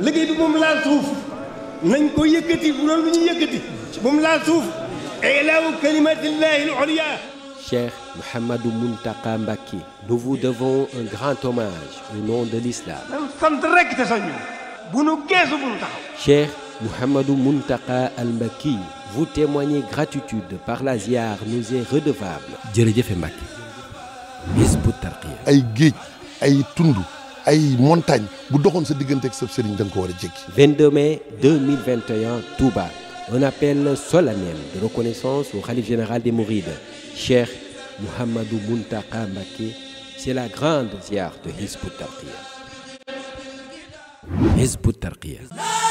liggéey bi moom laal suuf nañ ko yëkkati bu doon lu ñu yëkkati moom laal suuf ilaawu kalimatillahi al-ulya Cheikh Mouhamadou Mountakha Mbacké nous vous devons un grand hommage au nom de l'islam nam sant rekk te soññ bu nu geesu bu taxaw Cheikh Mouhamadou Mountakha Al Mbacké vous témoignez gratitude par la ziar nous est redevable jërëjëfe Mbacké Hizbut Tarqiyyah ay géej ay tund ay montagne bu doxoon sa diggante ak sa sëriñ da nga ko war a jéggi. 22 mai Touba un appel général des Mourides Cheikh Mouhamadou Mountakha Mbacké c'est la grande ziar de Hizbut Tarqiyyah Hizbut Tarqiyyah